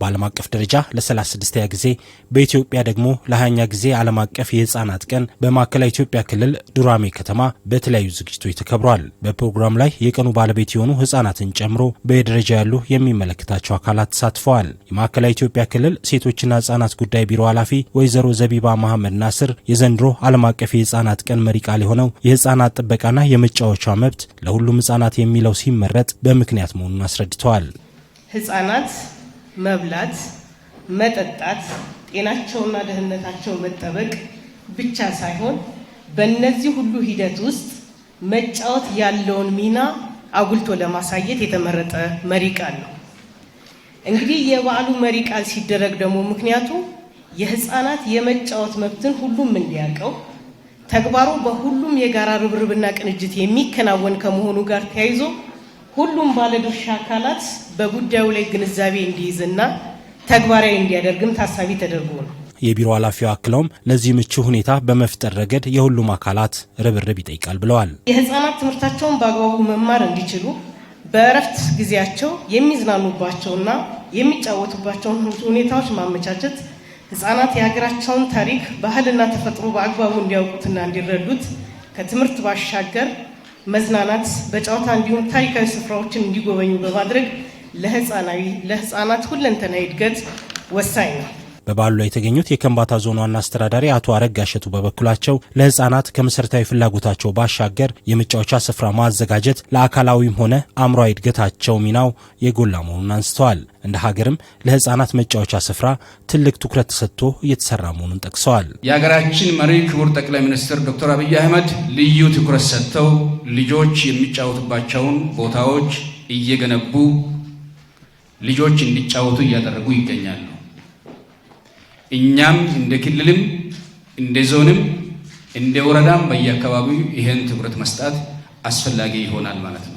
በዓለም አቀፍ ደረጃ ለ36ኛ ጊዜ በኢትዮጵያ ደግሞ ለ20ኛ ጊዜ ዓለም አቀፍ የሕፃናት ቀን በማዕከላዊ ኢትዮጵያ ክልል ዱራሜ ከተማ በተለያዩ ዝግጅቶች ተከብሯል። በፕሮግራም ላይ የቀኑ ባለቤት የሆኑ ሕፃናትን ጨምሮ በየደረጃ ያሉ የሚመለከታቸው አካላት ተሳትፈዋል። የማዕከላዊ ኢትዮጵያ ክልል ሴቶችና ህፃናት ጉዳይ ቢሮ ኃላፊ ወይዘሮ ዘቢባ መሐመድ ናስር የዘንድሮ ዓለም አቀፍ የሕፃናት ቀን መሪ ቃል የሆነው የህፃናት ጥበቃና የመጫወቻ መብት ለሁሉም ህፃናት የሚለው ሲመረጥ በምክንያት መሆኑን አስረድተዋል። ሕፃናት መብላት፣ መጠጣት፣ ጤናቸውና ደህንነታቸው መጠበቅ ብቻ ሳይሆን በእነዚህ ሁሉ ሂደት ውስጥ መጫወት ያለውን ሚና አጉልቶ ለማሳየት የተመረጠ መሪ ቃል ነው። እንግዲህ የበዓሉ መሪ ቃል ሲደረግ ደግሞ ምክንያቱ የህፃናት የመጫወት መብትን ሁሉም እንዲያውቀው ተግባሩ በሁሉም የጋራ ርብርብና ቅንጅት የሚከናወን ከመሆኑ ጋር ተያይዞ ሁሉም ባለድርሻ አካላት በጉዳዩ ላይ ግንዛቤ እንዲይዝና ተግባራዊ እንዲያደርግም ታሳቢ ተደርጎ ነው። የቢሮ ኃላፊው አክለውም ለዚህ ምቹ ሁኔታ በመፍጠር ረገድ የሁሉም አካላት ርብርብ ይጠይቃል ብለዋል። የህፃናት ትምህርታቸውን በአግባቡ መማር እንዲችሉ በእረፍት ጊዜያቸው የሚዝናኑባቸውና የሚጫወቱባቸውን ሁኔታዎች ማመቻቸት፣ ህፃናት የሀገራቸውን ታሪክ ባህልና ተፈጥሮ በአግባቡ እንዲያውቁትና እንዲረዱት ከትምህርት ባሻገር መዝናናት፣ በጨዋታ እንዲሁም ታሪካዊ ስፍራዎችን እንዲጎበኙ በማድረግ ለህፃናዊ ለህፃናት ሁለንተናዊ እድገት ወሳኝ ነው። በበዓሉ ላይ የተገኙት የከምባታ ዞን ዋና አስተዳዳሪ አቶ አረግ እሸቱ በበኩላቸው ለህፃናት ከመሠረታዊ ፍላጎታቸው ባሻገር የመጫወቻ ስፍራ ማዘጋጀት ለአካላዊም ሆነ አእምሯዊ እድገታቸው ሚናው የጎላ መሆኑን አንስተዋል። እንደ ሀገርም ለህፃናት መጫወቻ ስፍራ ትልቅ ትኩረት ተሰጥቶ እየተሰራ መሆኑን ጠቅሰዋል። የሀገራችን መሪ ክቡር ጠቅላይ ሚኒስትር ዶክተር አብይ አህመድ ልዩ ትኩረት ሰጥተው ልጆች የሚጫወቱባቸውን ቦታዎች እየገነቡ ልጆች እንዲጫወቱ እያደረጉ ይገኛሉ። እኛም እንደ ክልልም እንደ ዞንም እንደ ወረዳም በየአካባቢው ይህን ትኩረት መስጠት አስፈላጊ ይሆናል ማለት ነው።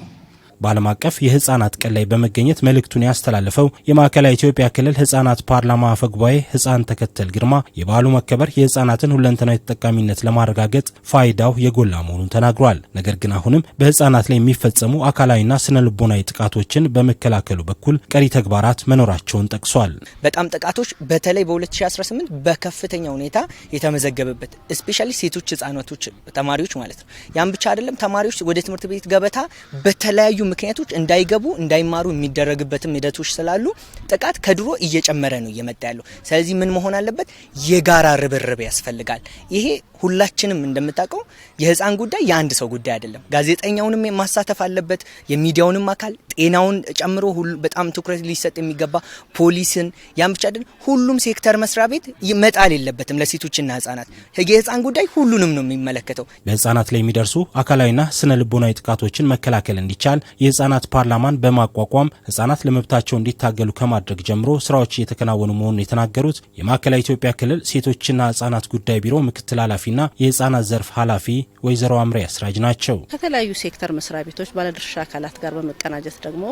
በዓለም አቀፍ የህፃናት ቀን ላይ በመገኘት መልእክቱን ያስተላለፈው የማዕከላዊ ኢትዮጵያ ክልል ህፃናት ፓርላማ አፈጉባኤ ህፃን ተከተል ግርማ የበዓሉ መከበር የህፃናትን ሁለንተናዊ ተጠቃሚነት ለማረጋገጥ ፋይዳው የጎላ መሆኑን ተናግሯል። ነገር ግን አሁንም በህፃናት ላይ የሚፈጸሙ አካላዊና ስነ ልቦናዊ ጥቃቶችን በመከላከሉ በኩል ቀሪ ተግባራት መኖራቸውን ጠቅሷል። በጣም ጥቃቶች በተለይ በ2018 በከፍተኛ ሁኔታ የተመዘገበበት ስፔሻሊ ሴቶች ህጻናቶች፣ ተማሪዎች ማለት ነው። ያም ብቻ አይደለም ተማሪዎች ወደ ትምህርት ቤት ገበታ በተለያዩ ምክንያቶች እንዳይገቡ እንዳይማሩ የሚደረግበትም ሂደቶች ስላሉ ጥቃት ከድሮ እየጨመረ ነው እየመጣ ያለው። ስለዚህ ምን መሆን አለበት? የጋራ ርብርብ ያስፈልጋል። ይሄ ሁላችንም እንደምታውቀው የህፃን ጉዳይ የአንድ ሰው ጉዳይ አይደለም። ጋዜጠኛውንም ማሳተፍ አለበት፣ የሚዲያውንም አካል ጤናውን ጨምሮ በጣም ትኩረት ሊሰጥ የሚገባ ፖሊስን፣ ያን ብቻ አይደለም ሁሉም ሴክተር መስሪያ ቤት መጣል የለበትም። ለሴቶችና ህጻናት የህፃን ጉዳይ ሁሉንም ነው የሚመለከተው። በህጻናት ላይ የሚደርሱ አካላዊና ስነ ልቦናዊ ጥቃቶችን መከላከል እንዲቻል የህጻናት ፓርላማን በማቋቋም ህጻናት ለመብታቸው እንዲታገሉ ከማድረግ ጀምሮ ስራዎች እየተከናወኑ መሆኑን የተናገሩት የማዕከላዊ ኢትዮጵያ ክልል ሴቶችና ህጻናት ጉዳይ ቢሮ ምክትል ኃላፊና የህጻናት ዘርፍ ኃላፊ ወይዘሮ አምሬ አስራጅ ናቸው። ከተለያዩ ሴክተር መስሪያ ቤቶች ባለድርሻ አካላት ጋር በመቀናጀት ደግሞ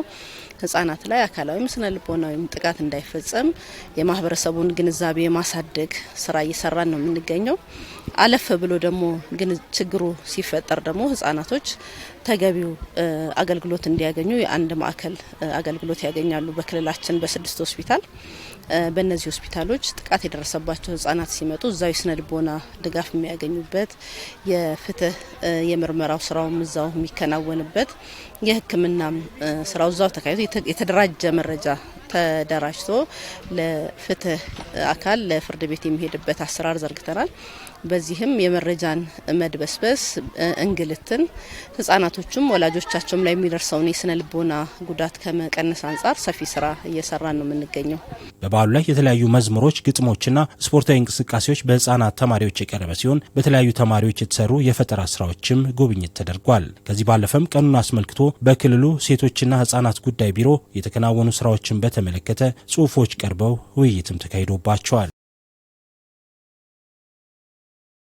ህጻናት ላይ አካላዊም ስነ ልቦናዊም ጥቃት እንዳይፈጸም የማህበረሰቡን ግንዛቤ የማሳደግ ስራ እየሰራን ነው የምንገኘው። አለፈ ብሎ ደግሞ ግን ችግሩ ሲፈጠር ደግሞ ህጻናቶች ተገቢው አገልግሎት እንዲያገኙ የአንድ ማዕከል አገልግሎት ያገኛሉ። በክልላችን በስድስት ሆስፒታል በእነዚህ ሆስፒታሎች ጥቃት የደረሰባቸው ህጻናት ሲመጡ እዛው የስነ ልቦና ድጋፍ የሚያገኙበት የፍትህ የምርመራው ስራውም እዛው የሚከናወንበት የህክምናም ስራው እዛው ተካሂዶ የተደራጀ መረጃ ተደራጅቶ ለፍትህ አካል ለፍርድ ቤት የሚሄድበት አሰራር ዘርግተናል። በዚህም የመረጃን መድበስበስ እንግልትን፣ ህጻናቶችም ወላጆቻቸውም ላይ የሚደርሰውን የስነ ልቦና ጉዳት ከመቀነስ አንጻር ሰፊ ስራ እየሰራን ነው የምንገኘው። በበዓሉ ላይ የተለያዩ መዝሙሮች፣ ግጥሞችና ስፖርታዊ እንቅስቃሴዎች በህጻናት ተማሪዎች የቀረበ ሲሆን በተለያዩ ተማሪዎች የተሰሩ የፈጠራ ስራዎችም ጉብኝት ተደርጓል። ከዚህ ባለፈም ቀኑን አስመልክቶ በክልሉ ሴቶችና ህጻናት ጉዳይ ቢሮ የተከናወኑ ስራዎችን በት በተመለከተ ጽሁፎች ቀርበው ውይይትም ተካሂዶባቸዋል።